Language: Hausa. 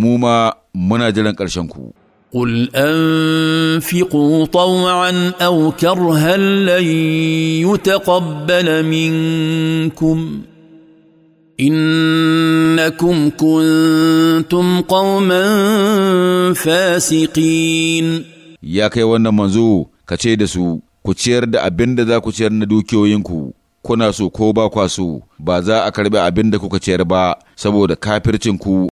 mu ma muna jiran ƙarshen ku. قل انفقوا طوعا او كرها لن يتقبل منكم انكم كنتم قوما fasiƙin. ya kai wannan manzo ka ce da su ku ciyar da abin da za ku ciyar na dukiyoyinku kuna so ko ba kwa ba za a karɓi abin da kuka ciyar ba saboda kafircinku